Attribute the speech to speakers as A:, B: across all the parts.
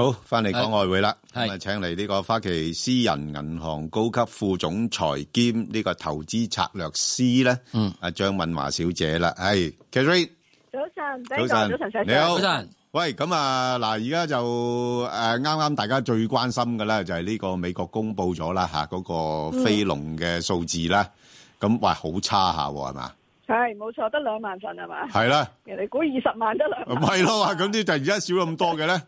A: 好，翻嚟講外匯啦，咁啊，請嚟呢個花旗私人銀行高級副總裁兼呢個投資策略師咧，嗯，阿張敏華小姐啦，係，Carrie，早晨，大
B: 家早晨，你好，早晨，
A: 喂，咁啊，嗱，而家就誒，啱啱大家最關心嘅咧，就係呢個美國公布咗啦吓，嗰個非農嘅數字啦，咁話好差下係嘛？係，
B: 冇錯，得兩萬份係嘛？係啦，人哋估二十萬得兩萬，唔係咯
A: 嘛？咁啲就而家少咁多嘅咧。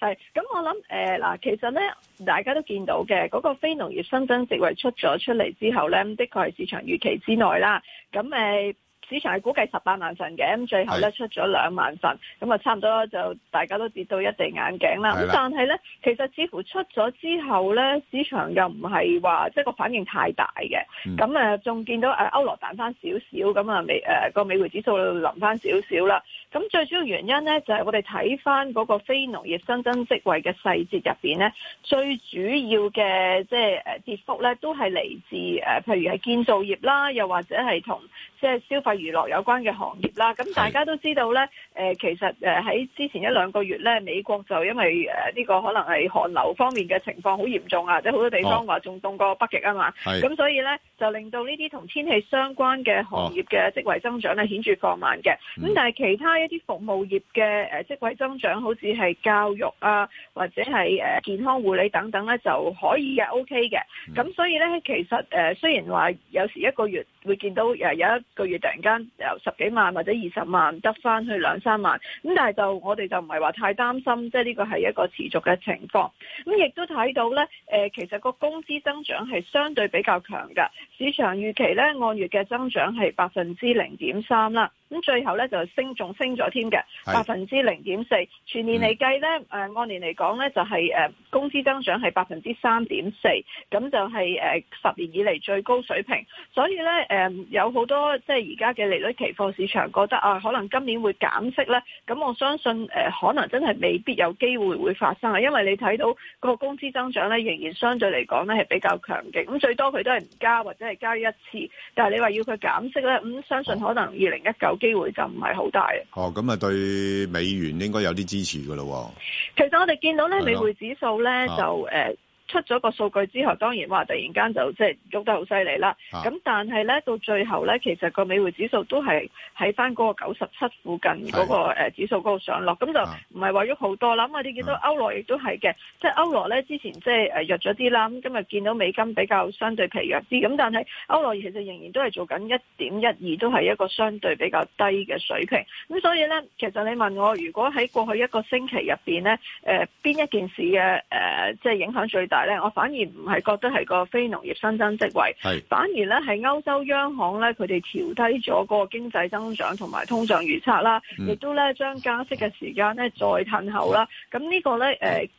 B: 係，咁我諗嗱、呃，其實咧大家都見到嘅嗰、那個非農業新增席位出咗出嚟之後咧，的確係市場預期之內啦。咁、呃、市場係估計十八萬份嘅，咁最後咧出咗兩萬份，咁啊差唔多就大家都跌到一地眼鏡啦。咁但係咧，其實似乎出咗之後咧，市場又唔係話即係個反應太大嘅。咁誒仲見到歐羅彈翻少少，咁啊、呃、美誒個美匯指數冧翻少少啦。咁最主要原因咧，就係、是、我哋睇翻嗰個非農業新增職位嘅細節入邊咧，最主要嘅即係跌幅咧，都係嚟自譬如係建造業啦，又或者係同即係消費娛樂有關嘅行業啦。咁大家都知道咧、呃，其實喺之前一兩個月咧，美國就因為呢、呃這個可能係寒流方面嘅情況好嚴重啊，即係好多地方話仲凍過北極啊嘛。咁所以咧，就令到呢啲同天氣相關嘅行業嘅職位增長咧顯著放慢嘅。咁、嗯、但係其他，一啲服務業嘅誒職位增長，好似係教育啊，或者係誒健康護理等等咧，就可以嘅 OK 嘅。咁所以咧，其實誒雖然話有時一個月，會見到又有一個月突然間由十幾萬或者二十萬得返去兩三萬，咁但係就我哋就唔係話太擔心，即係呢個係一個持續嘅情況。咁亦都睇到呢，誒、呃、其實個工資增長係相對比較強噶，市場預期呢，按月嘅增長係百分之零點三啦。咁最後呢，就升仲升咗添嘅，百分之零點四。全年嚟計呢，誒按年嚟講呢，就係誒工資增長係百分之三點四，咁就係誒十年以嚟最高水平。所以呢。誒、嗯、有好多即係而家嘅利率期貨市場覺得啊，可能今年會減息呢。咁我相信誒、呃，可能真係未必有機會會發生啊。因為你睇到個工資增長呢，仍然相對嚟講呢係比較強勁。咁、嗯、最多佢都係唔加或者係加一次，但係你話要佢減息呢，咁、嗯、相信可能二零一九機會就唔係好大。
A: 哦，咁啊對美元應該有啲支持㗎喇喎、哦。
B: 其實我哋見到呢美匯指數呢，就誒。啊出咗個數據之後，當然話突然間就即係喐得好犀利啦。咁、啊、但係咧到最後咧，其實美匯個美匯指數都係喺翻嗰個九十七附近嗰、那個、啊呃、指數嗰度上落，咁、啊、就唔係話喐好多。嗱、啊，咁我哋見到歐羅亦都係嘅、啊，即係歐羅咧之前即係誒弱咗啲啦。咁今日見到美金比較相對疲弱啲，咁但係歐羅其實仍然都係做緊一點一二，都係一個相對比較低嘅水平。咁所以咧，其實你問我，如果喺過去一個星期入邊咧，誒、呃、邊一件事嘅誒、呃、即係影響最大？我反而唔係覺得係個非農業新增職位，反而呢係歐洲央行咧，佢哋調低咗個經濟增長同埋通脹預測啦，亦、嗯、都咧將加息嘅時間咧再褪後啦。咁、嗯、呢個咧，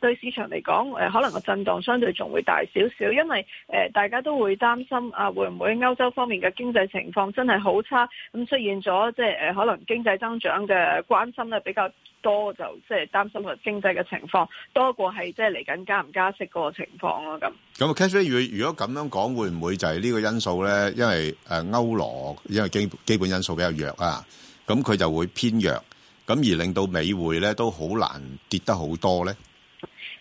B: 誒對市場嚟講，誒可能個震盪相對仲會大少少，因為誒大家都會擔心啊，會唔會歐洲方面嘅經濟情況真係好差？咁出現咗即係誒可能經濟增長嘅關心咧比較多，就即係擔心個經濟嘅情況多過係即係嚟緊加唔加息嗰個情況。
A: 房咯咁咁 casually 如果咁樣講會唔會就係呢個因素咧？因為誒歐羅因為基基本因素比較弱啊，咁佢就會偏弱，咁而令到美匯咧都好難跌得好多咧。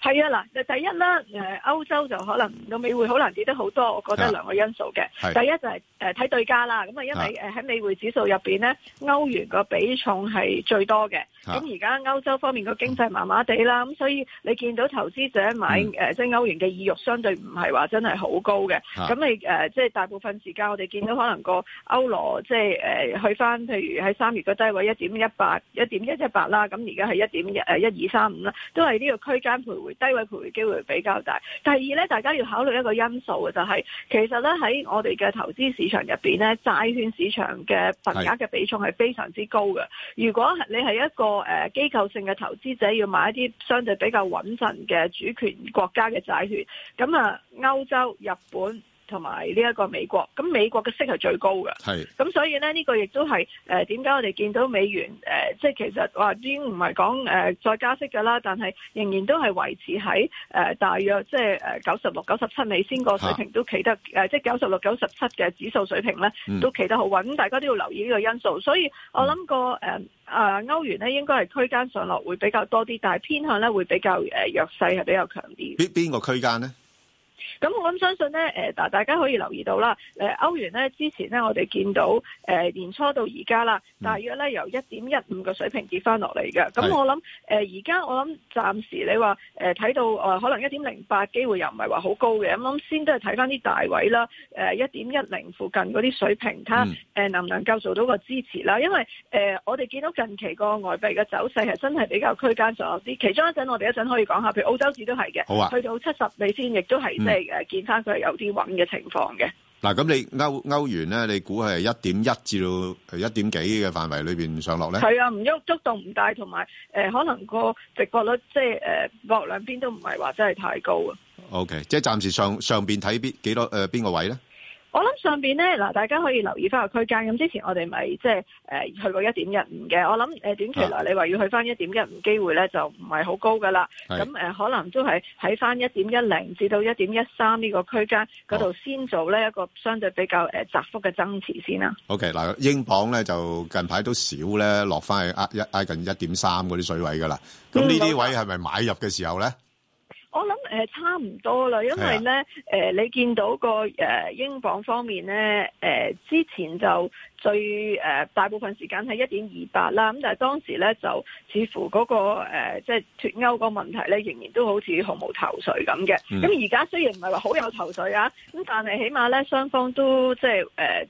B: 係啊，嗱，第一啦，誒，歐洲就可能個美匯好難跌得好多，我覺得兩個因素嘅。第一就係誒睇對價啦，咁啊，因為誒喺美匯指數入邊咧，歐元個比重係最多嘅。咁而家歐洲方面個經濟麻麻地啦，咁、嗯、所以你見到投資者買誒，即係歐元嘅意欲相對唔係話真係好高嘅。咁你誒即係大部分時間我哋見到可能個歐羅即係誒去翻，譬如喺三月個低位一點一八、一點一七八啦，咁而家係一點誒一二三五啦，都係呢個區間徘徊。低位徘徊機會比較大。第二咧，大家要考慮一個因素嘅就係、是、其實咧喺我哋嘅投資市場入邊咧，債券市場嘅份額嘅比重係非常之高嘅。如果你係一個誒機、呃、構性嘅投資者，要買一啲相對比較穩陣嘅主權國家嘅債券，咁啊，歐洲、日本。同埋呢一個美國，咁美國嘅息係最高嘅，咁所以咧呢、這個亦都係誒點解我哋見到美元誒，即、呃、係其實話、呃、已經唔係講誒再加息噶啦，但係仍然都係維持喺誒、呃、大約即係誒九十六、九十七美先個水平都企得誒、啊呃，即係九十六、九十七嘅指數水平咧、嗯、都企得好穩。大家都要留意呢個因素，所以我諗個誒誒歐元咧應該係區間上落會比較多啲，但係偏向咧會比較誒、呃、弱勢係比較強啲。
A: 邊邊個區間咧？
B: 咁我諗相信咧，嗱，大家可以留意到啦，歐元咧之前咧我哋見到誒、呃、年初到而家啦，大約咧由一點一五嘅水平跌翻落嚟嘅。咁我諗誒而家我諗暫時你話睇、呃、到、呃、可能一點零八機會又唔係話好高嘅，咁、嗯、諗先都係睇翻啲大位啦，誒一點一零附近嗰啲水平，睇能唔能夠做到個支持啦。因為誒、呃、我哋見到近期個外幣嘅走勢係真係比較區間上落啲，其中一陣我哋一陣可以講下，譬如澳洲指都係嘅、啊，去到七十美仙，亦都係即係。誒，見翻佢係有啲穩嘅情況嘅。
A: 嗱，咁你歐歐元咧，你估係一點一至到一點幾嘅範圍裏邊上落咧？係
B: 啊，唔喐，波動唔大，同埋誒，可能個值博率，即係誒，搏兩邊都唔係話真係太高
A: 啊。OK，即係暫時上上邊睇邊幾多誒，邊個位咧？
B: 我諗上邊咧，嗱，大家可以留意翻個區間。咁之前我哋咪即係誒去過一點一五嘅。我諗誒短期嚟你話要去翻一點一五機會咧，就唔係好高噶啦。咁誒、呃、可能都係喺翻一點一零至到一點一三呢個區間嗰度先做呢一個相對比較誒窄幅嘅增持先啦。
A: OK，嗱，英鎊咧就近排都少咧落翻去壓一壓近一點三嗰啲水位噶啦。咁呢啲位係咪買入嘅時候咧？
B: 我諗誒、呃，差唔多啦，因為咧誒、呃，你見到、個誒、呃、英鎊方面咧誒、呃，之前就。所以、呃、大部分時間喺一點二八啦，咁但係當時咧就似乎嗰、嗰個誒，即係脱歐個問題咧，仍然都好似毫無頭緒咁嘅。咁而家雖然唔係話好有頭緒啊，咁但係起碼咧雙方都即係誒誒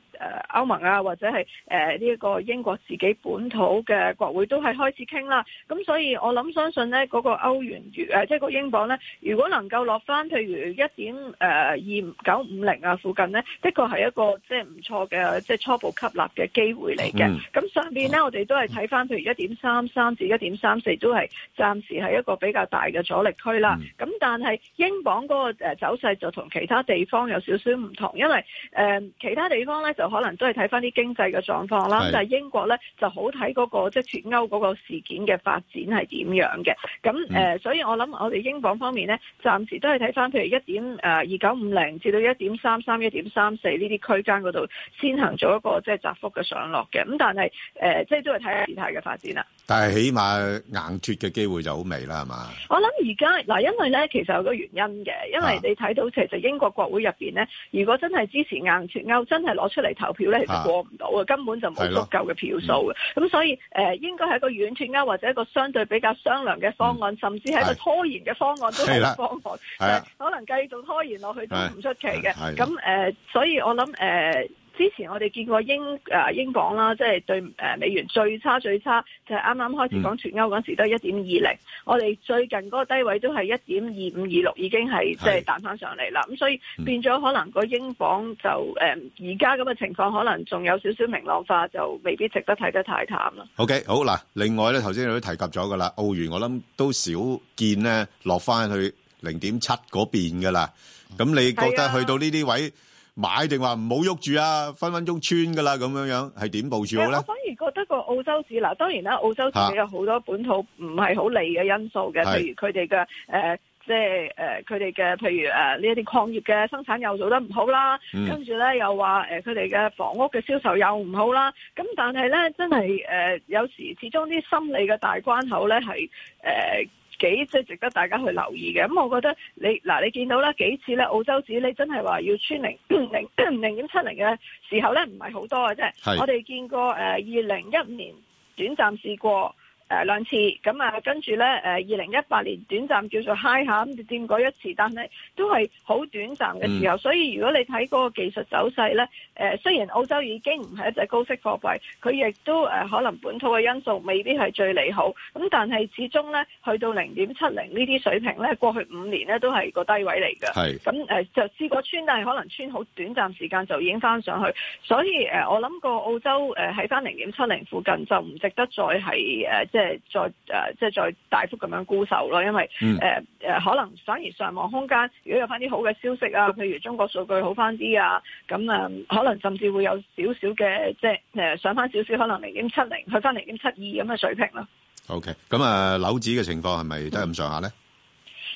B: 歐盟啊，或者係誒呢個英國自己本土嘅國會都係開始傾啦、啊。咁所以我諗相信咧，嗰、嗰個歐元與即係個英鎊咧，如果能夠落翻譬如一點誒二九五零啊附近呢，的確係一個即係唔錯嘅即係初步吸嘅機會嚟嘅，咁上面呢，我哋都係睇翻，譬如一點三三至一點三四，都係暫時係一個比較大嘅阻力區啦。咁、嗯、但係英鎊嗰個誒走勢就同其他地方有少少唔同，因為、呃、其他地方呢，就可能都係睇翻啲經濟嘅狀況啦，但係英國呢，就好睇嗰個即係脱歐嗰個事件嘅發展係點樣嘅。咁、嗯、所以我諗我哋英鎊方面呢，暫時都係睇翻譬如一點誒二九五零至到一點三三、一點三四呢啲區間嗰度先行做一個即係、嗯就是暫時幅嘅上落嘅，咁但係誒、呃，即係都係睇下事態嘅發展啦。
A: 但係起碼硬脱嘅機會就好微啦，係嘛？
B: 我諗而家嗱，因為咧，其實有個原因嘅，因為你睇到其實英國國會入邊咧，如果真係支持硬脱歐，真係攞出嚟投票咧，其實過唔到嘅，根本就冇足夠嘅票數嘅。咁、嗯、所以誒、呃，應該係一個軟脱歐或者一個相對比較商量嘅方案，嗯、甚至係一個拖延嘅方案都係一個方案，方案可能繼續拖延落去都唔出奇嘅。咁誒、呃，所以我諗誒。呃之前我哋見過英誒英鎊啦，即係對誒美元最差最差，就係啱啱開始講全歐嗰時都係一點二零。我哋最近嗰個低位都係一點二五二六，已經係即係彈翻上嚟啦。咁所以變咗可能個英鎊就誒而家咁嘅情況，可能仲有少少明朗化，就未必值得睇得太淡啦。
A: OK，好嗱。另外咧，頭先你都提及咗噶啦，澳元我諗都少見咧落翻去零點七嗰邊噶啦。咁你覺得去到呢啲位？買定話唔好喐住啊，分分鐘穿噶啦，咁樣樣係點部署好咧？我
B: 反而覺得個澳洲市，嗱當然啦，澳洲市有好多本土唔係好利嘅因素嘅，啊，譬如佢哋嘅誒，即係誒，佢哋嘅譬如誒呢一啲礦業嘅生產又做得唔好啦，嗯，跟住咧又話誒佢哋嘅房屋嘅銷售又唔好啦，咁但係咧真係誒、呃、有時始終啲心理嘅大關口咧係誒。呃幾即係值得大家去留意嘅。咁我覺得你，嗱，你見到啦幾次咧澳洲紙你真係話要穿零零零點七零嘅時候咧，唔係好多嘅啫。即係我哋見過誒二零一五年短暫試過。誒、呃、兩次，咁、嗯、啊跟住咧誒二零一八年短暫叫做嗨下，咁跌過一次，但係都係好短暫嘅時候、嗯。所以如果你睇嗰個技術走勢咧，誒、呃、雖然澳洲已經唔係一隻高息貨幣，佢亦都誒、呃、可能本土嘅因素未必係最利好。咁、嗯、但係始終咧去到零點七零呢啲水平咧，過去五年咧都係個低位嚟嘅。係咁、嗯呃、就試過穿，但係可能穿好短暫時間就已經翻上去。所以誒、呃，我諗個澳洲誒喺翻零點七零附近就唔值得再係即。呃即、呃、係再誒，即、呃、係再大幅咁樣沽售咯，因為誒誒、呃呃，可能反而上望空間，如果有翻啲好嘅消息啊，譬如中國數據好翻啲啊，咁、呃、啊，可能甚至會有少少嘅即係誒、呃，上翻少少，可能零點七零去翻零點七二咁嘅水平咯。
A: O K。咁啊，樓指嘅情況係咪都係咁上下咧？嗯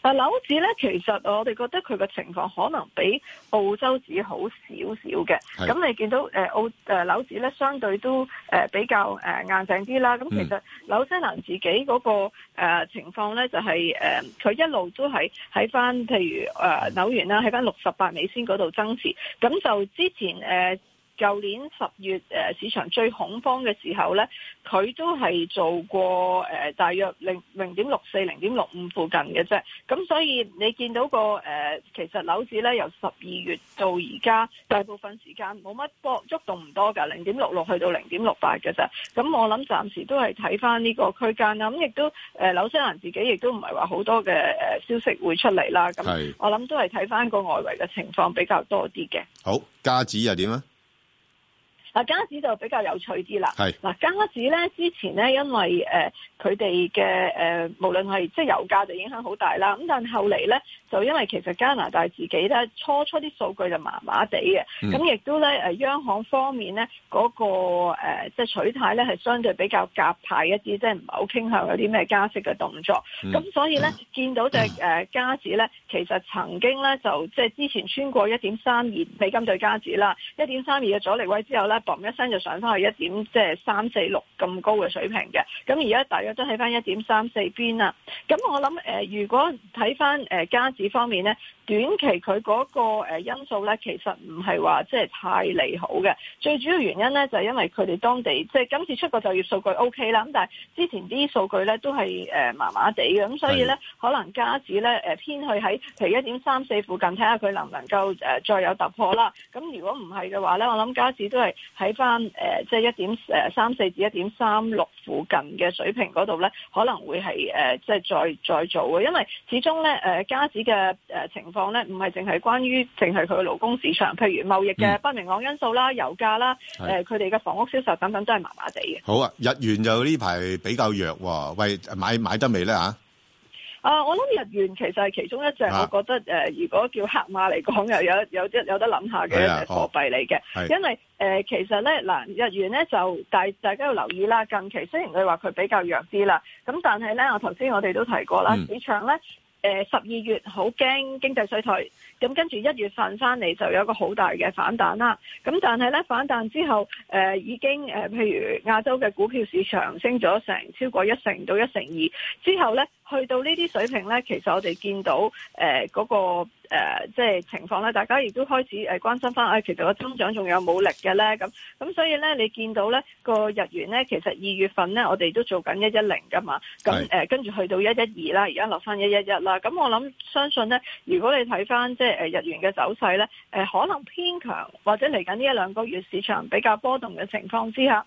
B: 嗱、啊，樓指咧，其實我哋覺得佢嘅情況可能比澳洲指好少少嘅。咁你見到誒澳誒樓指咧，相對都誒、呃、比較誒、呃、硬淨啲啦。咁其實紐西蘭自己嗰、那個、呃、情況咧，就係誒佢一路都係喺翻，譬如誒紐、呃、元啦，喺翻六十八美仙嗰度增持。咁就之前誒、呃舊年十月，誒、呃，市場最恐慌嘅時候呢，佢都係做過誒、呃，大約零零點六四、零點六五附近嘅啫。咁所以你見到個誒、呃，其實樓市呢，由十二月到而家，大部分時間冇乜波，郁動唔多噶，零點六六去到零點六八嘅啫。咁我諗暫時都係睇翻呢個區間啦。咁亦都誒，紐、呃、西蘭自己亦都唔係話好多嘅誒、呃、消息會出嚟啦。咁我諗都係睇翻個外圍嘅情況比較多啲嘅。
A: 好，家指又點啊？
B: 嗱，加子就比較有趣啲啦。係嗱，加子咧之前咧，因為誒佢哋嘅誒，無論係即係油價就影響好大啦。咁但後嚟咧，就因為其實加拿大自己咧，初出啲數據就麻麻地嘅。咁、嗯、亦都咧央行方面咧嗰、那個即係、呃就是、取態咧係相對比較鴿派一啲，即係唔係好傾向有啲咩加息嘅動作。咁、嗯、所以咧，見到隻誒加子咧、嗯，其實曾經咧就即係、就是、之前穿過一點三二美金對加子啦，一點三二嘅阻力位之後咧。嘣！一聲就上翻去一點即係三四六咁高嘅水平嘅，咁而家大約都喺翻一點三四邊啦。咁我諗誒、呃，如果睇翻誒加紙方面呢，短期佢嗰、那個、呃、因素呢，其實唔係話即係太利好嘅。最主要原因呢，就係、是、因為佢哋當地即係今次出個就業數據 O K 啦，咁但係之前啲數據呢，都係誒麻麻地嘅，咁、呃、所以呢，可能加紙呢，誒、呃、偏去喺譬如一點三四附近睇下佢能唔能夠誒、呃、再有突破啦。咁如果唔係嘅話呢，我諗加紙都係。喺翻誒，即係一點誒三四至一點三六附近嘅水平嗰度咧，可能會係誒，即、呃、係再再做嘅，因為始終咧誒，家子嘅誒情況咧，唔係淨係關於淨係佢嘅勞工市場，譬如貿易嘅不明朗因素啦、油價啦，誒佢哋嘅房屋銷售等等都係麻麻地嘅。
A: 好啊，日元就呢排比較弱喎、啊，喂，買買得未咧嚇？
B: 啊！我諗日元其實係其中一隻，啊、我覺得誒、呃，如果叫黑馬嚟講，又有有啲有，有得諗下嘅貨幣嚟嘅，因為誒、呃、其實咧嗱，日元咧就大大家要留意啦。近期雖然佢話佢比較弱啲啦，咁但係咧，我頭先我哋都提過啦，嗯、市場咧。誒十二月好驚經濟衰退，咁跟住一月份翻嚟就有一個好大嘅反彈啦。咁但係呢，反彈之後，誒、呃、已經誒、呃、譬如亞洲嘅股票市場升咗成超過一成到一成二，之後呢，去到呢啲水平呢，其實我哋見到誒嗰、呃嗰個。誒、呃，即係情況咧，大家亦都開始誒、呃、關心翻、啊，其實個增長仲有冇力嘅咧？咁咁，所以咧，你見到咧、呢個日元咧，其實二月份咧，我哋都做緊一一零噶嘛，咁跟住去到一一二啦，而家落翻一一一啦。咁我諗相信咧，如果你睇翻即係日元嘅走勢咧、呃，可能偏強，或者嚟緊呢一兩個月市場比較波動嘅情況之下。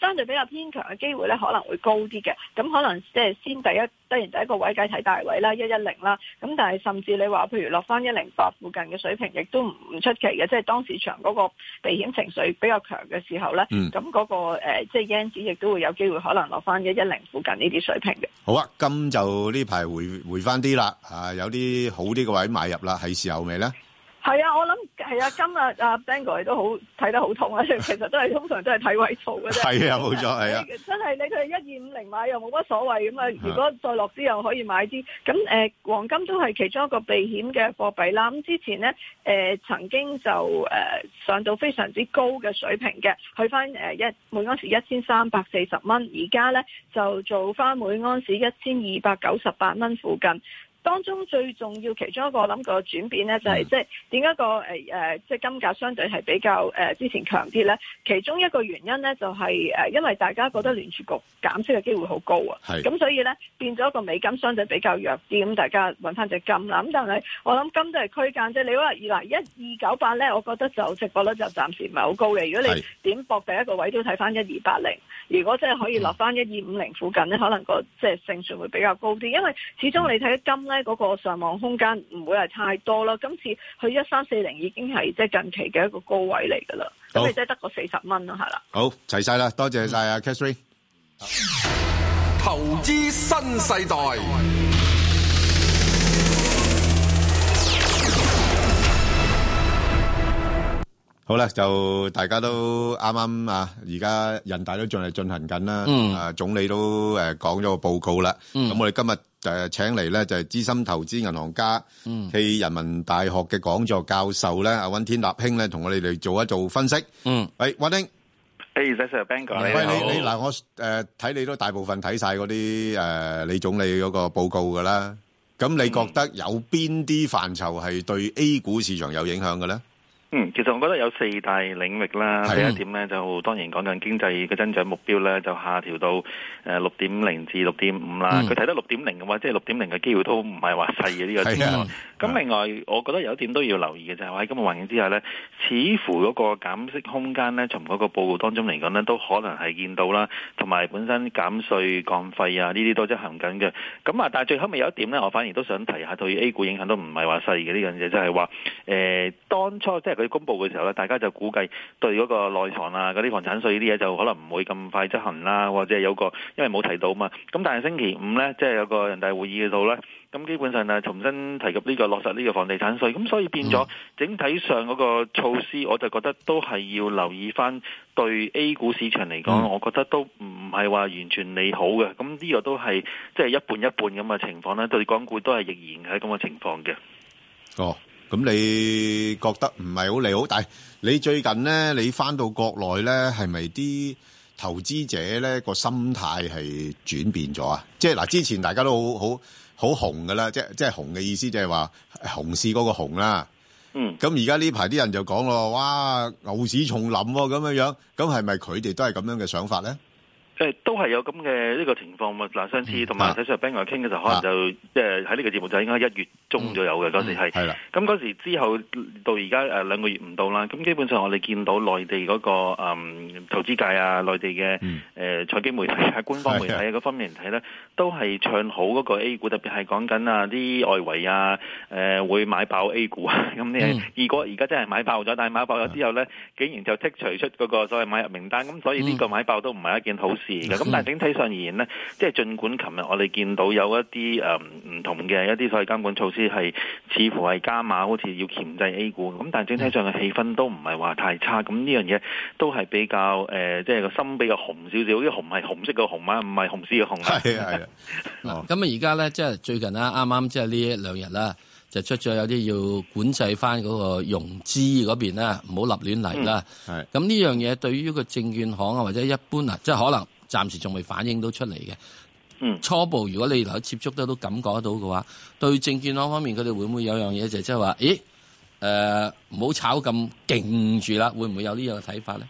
B: 相對比較偏強嘅機會咧，可能會高啲嘅，咁可能即係先第一，當然第一個位計睇大位啦，一一零啦，咁但係甚至你話譬如落翻一零八附近嘅水平，亦都唔出奇嘅，即係當市場嗰個避險情緒比較強嘅時候咧，咁、嗯、嗰、那個誒、呃、即係 yen 指亦都會有機會可能落翻一一零附近呢啲水平嘅。
A: 好啊，今就呢排回回翻啲啦，啊有啲好啲嘅位買入啦，係時候未咧？
B: 係啊，我諗係啊，今日阿 Bang 哥都好睇得好痛啊！其實都係通常都係睇位數嘅啫。係 啊，冇錯係、啊。真係你佢一、二、五零買又冇乜所謂咁、嗯、啊！如果再落啲又可以買啲。咁誒、呃，黃金都係其中一個避險嘅貨幣啦。咁之前咧誒、呃、曾經就誒、呃、上到非常之高嘅水平嘅，去翻誒、呃、一每安士一千三百四十蚊，而家咧就做翻每安士一千二百九十八蚊附近。當中最重要其中一個諗個轉變呢，就係即係點解個誒誒，即係金價相對係比較誒之前強啲呢？其中一個原因呢，就係誒因為大家覺得聯儲局減息嘅機會好高啊，咁所以呢，變咗個美金相對比較弱啲，咁大家搵翻隻金啦。咁但係我諗金都係區間啫。你話二嗱一二九八呢，我覺得就勝算就暫時唔係好高嘅。如果你點搏第一個位都睇翻一二八零，如果真係可以落翻一二五零附近呢，可能個即係勝算會比較高啲。因為始終你睇金。咧、那、嗰個上網空間唔會係太多啦，今次去一三四零已經係即係近期嘅一個高位嚟噶啦，咁你即係得個四十蚊啦，係啦。
A: 好，齊晒啦，多謝晒、嗯、啊 Catherine 投資新世代。好啦，就大家都啱啱啊，而家人大都仲係進行緊啦。啊，總理都誒講咗個報告啦。咁我哋今日誒請嚟咧就係資深投資銀行家，暨人民大學嘅講座教授咧，阿温天納興咧，同我哋嚟做一做分析。嗯，誒，温丁，
C: 誒，主席，邊個啊？喂，你你嗱，
A: 我誒睇你都大部分睇晒嗰啲誒，李總理嗰個報告噶啦。咁你覺得有邊啲範疇係對 A 股市場有影響嘅咧？
C: 嗯，其實我覺得有四大領域啦。第一點咧，就當然講緊經濟嘅增長目標咧，就下調到誒六點零至六點五啦。佢、嗯、睇得六點零嘅話，即係六點零嘅機會都唔係話細嘅呢個情況。嗯咁另外，我覺得有一點都要留意嘅就係喺今日環境之下呢，似乎嗰個減息空間呢，從嗰個報告當中嚟講呢都可能係見到啦。同埋本身減稅降費啊，呢啲都即係行緊嘅。咁啊，但係最後咪有一點呢，我反而都想提下對 A 股影響都唔係話細嘅呢樣嘢，就係話誒當初即係佢公佈嘅時候呢，大家就估計對嗰個內藏啊、嗰啲房產稅呢啲嘢就可能唔會咁快執行啦，或者有個因為冇提到嘛。咁但係星期五呢，即係有個人大會議嘅度呢。咁基本上啊，重新提及呢個落實呢個房地產稅，咁所以變咗整體上嗰個措施，嗯，我就覺得都係要留意翻，對 A 股市場嚟講，嗯，我覺得都唔係話完全利好嘅。咁呢個都係即係一半一半咁嘅情況呢。對港股都係仍然係咁嘅情
A: 況嘅。哦，咁你覺得唔係好利好？但係你最近呢，你翻到國內呢，係咪啲投資者呢，嗰個心態係轉變咗啊？即係嗱，之前大家都好好。好紅噶啦，即即係紅嘅意思就，就係話紅市嗰個紅啦。嗯，咁而家呢排啲人就講咯，哇，牛市重臨喎、啊，咁樣，咁係咪佢哋都係咁樣嘅想法咧？
C: 誒都係有咁嘅呢個情況嘛？嗱，上次同埋睇上冰台傾嘅時候，可能就即係喺呢個節目就應該一月中左右嘅嗰時係。咁嗰時之後到而家誒兩個月唔到啦。咁基本上我哋見到內地嗰個誒投資界啊、內地嘅誒財經媒體啊、官方媒體啊嗰方面嚟睇咧，都係唱好嗰個 A 股，特別係講緊啊啲外圍啊誒會買爆 A 股啊。咁你如果而家真係買爆咗，但係買爆咗之後咧，竟然就剔除出嗰個所謂買入名單，咁所以呢個買爆都唔係一件好事。咁、嗯、但係整體上而言呢，即係儘管琴日我哋見到有一啲誒唔同嘅一啲所謂監管措施係似乎係加碼，好似要鉗制 A 股。咁但係整體上嘅氣氛都唔係話太差。咁呢樣嘢都係比較誒、呃，即係個心比較紅少少，啲紅係紅色嘅紅啊，唔係紅色嘅紅啊。
D: 咁啊，而家呢，即係最近啦，啱啱即係呢一兩日啦，就出咗有啲要管制翻嗰個融資嗰邊啦，唔好立亂嚟啦。咁呢樣嘢對於一個證券行啊，或者一般啊，即係可能。暫時仲未反映到出嚟嘅，初步如果你頭接觸得到感覺得到嘅話，對證券行方面佢哋會唔會有樣嘢就即係話，咦誒唔好炒咁勁住啦，會唔會有個呢樣嘅睇法咧？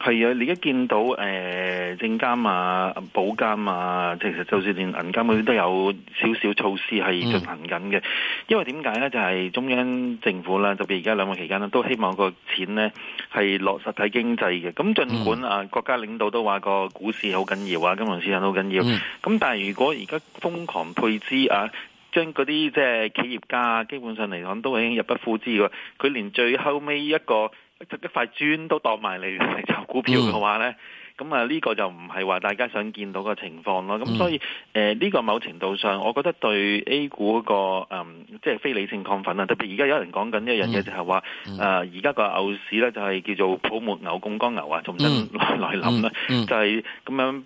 C: 係啊，你而家見到誒、呃、證監啊、保監啊，其實就算連銀監啲都有少少措施係進行緊嘅、嗯。因為點解呢？就係、是、中央政府啦，特別而家兩會期間咧，都希望個錢呢係落實體經濟嘅。咁儘管、嗯、啊，國家領導都話個股市好緊要啊，金融市場好緊要。咁、嗯、但係如果而家瘋狂配資啊，將嗰啲即係企業家基本上嚟講都已經入不敷支㗎。佢連最後尾一個。一塊磚都當埋嚟嚟炒股票嘅話呢，咁啊呢個就唔係話大家想見到嘅情況咯。咁、嗯、所以誒呢、呃這個某程度上，我覺得對 A 股、那個即係、嗯就是、非理性亢奮啊，特別而家有人講緊一樣嘢，就係話誒而家個牛市呢，就係叫做泡沫牛、槓桿牛啊，重新來臨啦、嗯嗯，就係、是、咁樣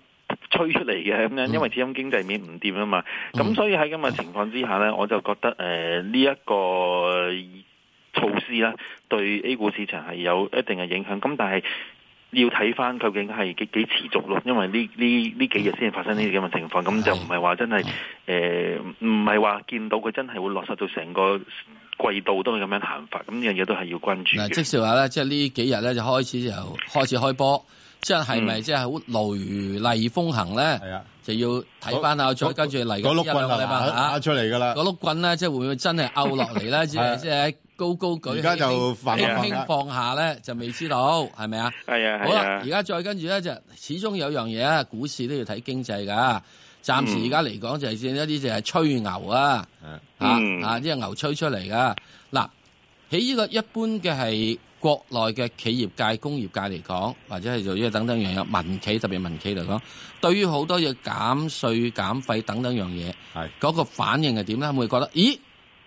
C: 吹出嚟嘅咁樣，因為始終經濟面唔掂啊嘛。咁所以喺咁嘅情況之下呢，我就覺得誒呢一個措施啦，對 A 股市場係有一定嘅影響。咁但係要睇翻究竟係幾幾持續咯，因為呢呢呢幾日先係發生呢啲咁嘅情況，咁就唔係話真係誒，唔係話見到佢真係會落實到成個季度都係咁樣行法。咁呢樣嘢都係要關注的。嗱，即
D: 係話咧，即係呢幾日咧就開始就開始開波。即係咪即係好雷厲風行咧？係啊，就要睇翻啊再跟住嚟嘅一、那個棍啊個啊啊啊、出嚟㗎啦。嗰碌棍咧、啊，即係會唔會真係拗落嚟咧？即係即係高高舉，而家就放輕，輕，、啊、輕，輕放下咧、啊，就未知道係咪啊？係啊，係、啊、好啦，而家再跟住咧，就始終有樣嘢啊，股市都要睇經濟㗎。暫時而家嚟講就係一啲就係吹牛啊，
A: 呢
D: 啲牛吹出嚟㗎。嗱，喺呢個一般嘅係。國內嘅企業界、工業界嚟講，或者係做啲等等樣嘢，民企特別民企嚟講，對於好多嘢減稅減費等等樣嘢，嗰、那個反應係點咧？會，會覺得咦，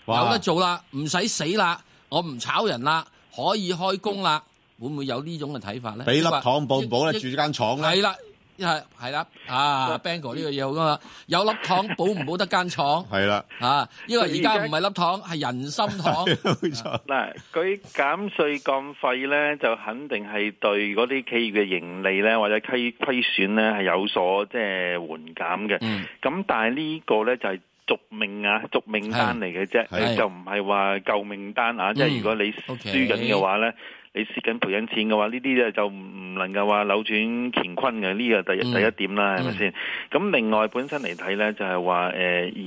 D: 有得做啦，唔使死啦，我唔炒人啦，可以開工啦，會唔會有種呢種嘅睇法咧？俾粒糖保、就是、保咧，住間廠咧。係啦。係係啦，啊 b a n g o 呢個嘢好噶嘛，有粒糖保唔保得間廠？
A: 係 啦，啊，
D: 因為而家唔係粒糖，係人心糖。嗱、嗯，
C: 佢減稅降費咧，就肯定係對嗰啲企業嘅盈利咧，或者虧虧損咧，係有所即係、就是、緩減嘅。咁、嗯、但係呢個咧就係、是、續命啊，續命單嚟嘅啫，就唔係話救命單啊。即係、就是、如果你輸緊嘅話咧。嗯 okay 你蝕緊賠緊錢嘅話，呢啲咧就唔能夠話扭轉乾坤嘅，呢、呢個第一第一點啦，係咪先？咁、嗯、另外本身嚟睇咧，就係話誒，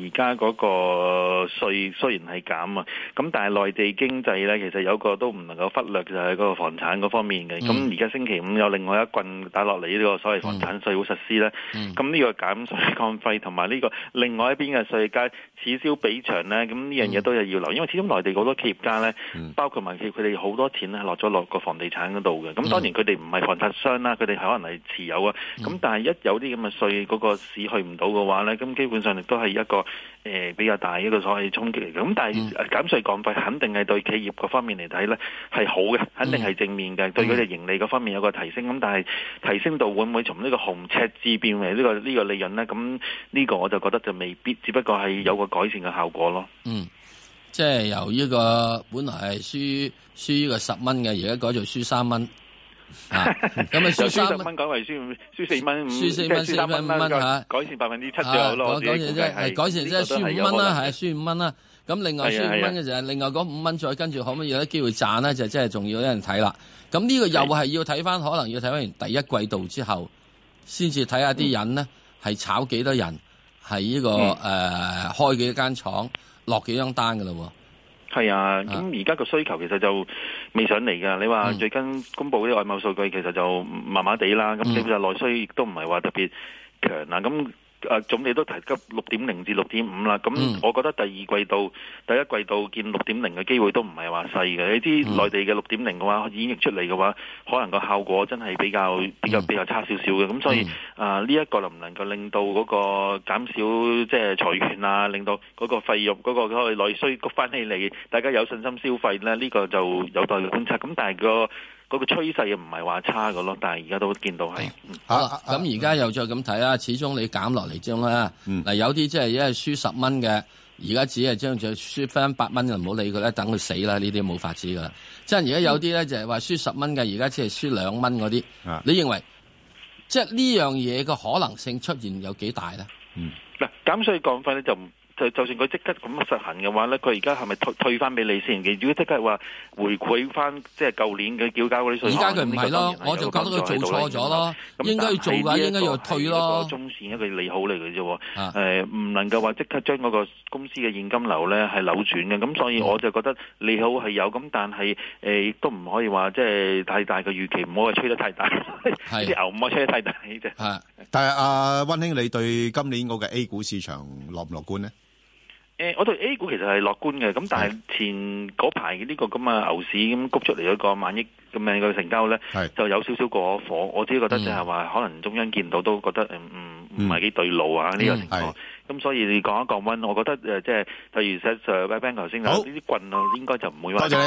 C: 而家嗰個稅雖然係減啊，咁但係內地經濟咧，其實有個都唔能夠忽略就係嗰個房產嗰方面嘅。咁而家星期五有另外一棍打落嚟呢個所謂房產稅會實施咧，咁、嗯、呢、嗯、個減稅降費同埋呢個另外一邊嘅稅價此消彼長咧，咁呢樣嘢都係要留意、嗯、因為始終內地好多企業家咧、嗯嗯，包括民企，佢哋好多錢係落咗落，個房地產嗰度嘅，咁當然佢哋唔係房產商啦，佢哋可能係持有啊。咁但係一有啲咁嘅稅，嗰個市去唔到嘅話呢，咁基本上亦都係一個誒、呃、比較大一個所謂衝擊嚟嘅。咁但係減稅降費肯定係對企業嗰方面嚟睇呢係好嘅，肯定係正面嘅，對佢哋盈利嗰方面有個提升。咁但係提升到會唔會從呢個紅赤字變為呢個呢個利潤呢？咁呢個我就覺得就未必，只不過係有個改善嘅效果咯。嗯。
D: 即係由呢個本來係輸輸呢個十蚊嘅，而家改做輸三蚊。咁 啊，輸三蚊
C: 改為輸輸四蚊，輸四蚊，四蚊五蚊，改善
D: 百分之七左改善即係改即係輸五蚊啦，係輸五蚊啦。咁、啊啊啊啊啊、另外輸五蚊嘅就係另外嗰五蚊再跟住可唔可以有啲機會賺呢，就即係仲要有人睇啦。咁呢個又係要睇翻、啊，可能要睇翻第一季度之後，先至睇下啲人呢係、嗯、炒幾多人，係呢、這個誒、嗯啊、開幾間廠。落幾張單噶喇喎，
C: 係啊，咁而家個需求其實就未上嚟噶。你話最近公布啲外貿數據，其實就麻麻地啦。咁其實內需亦都唔係話特別強啦。咁誒總理都提及六點零至六點五啦，咁我覺得第二季度、第一季度見六點零嘅機會都唔係話細嘅。呢啲內地嘅六點零嘅話，演繹出嚟嘅話，可能個效果真係比較比較比較差少少嘅。咁所以啊，呢一個能唔能夠令到嗰個減少即係裁員啊，令到嗰個費用嗰個開內需谷翻起嚟，大家有信心消費呢，呢個就有待觀察。咁但係個。佢、嗰個趨勢又唔係話差嘅咯，但係而家都見到係、
D: 嗯。好啦，咁而家又再咁睇啦。始終你減落嚟張啦，嗱、嗯啊、有啲即係一係輸十蚊嘅，而家只係將就輸翻八蚊就唔好理佢啦，等佢死啦。呢啲冇法子噶啦。即係而家有啲咧就係話輸十蚊嘅，而家只係輸兩蚊嗰啲。你認為即係呢樣嘢嘅可能性出現有幾大咧？嗱、
C: 嗯啊，減稅降費咧就。就算佢即刻咁實行嘅話咧，佢而家係咪退退翻俾你先？如果即刻話回饋翻，即係舊年嘅繳交嗰啲稅，而家佢唔係咯，我就覺得佢做錯咗咯。應該要做嘅應該又退咯、這個。退中線一個利好嚟嘅啫，誒、啊、唔、呃、能夠話即刻將嗰個公司嘅現金流咧係扭轉嘅。咁所以我就覺得利好係有，咁但係誒都唔可以話即係太大嘅預期，唔好係吹得太大，啲牛唔可以吹得太大啫。
A: 但係阿温兄，你對今年我嘅 A 股市場樂唔樂觀呢？
C: 誒，我對 A 股其實係樂觀嘅，咁但係前嗰排嘅呢個咁嘅牛市咁谷出嚟一個萬億咁樣嘅成交咧，就有少少過火，我自己覺得就係話可能中央見到都覺得唔唔唔係幾對路啊呢個情況，咁所以你降一降温，我覺得誒即係例如誒威兵頭先講呢啲棍啊，應該就唔會話重。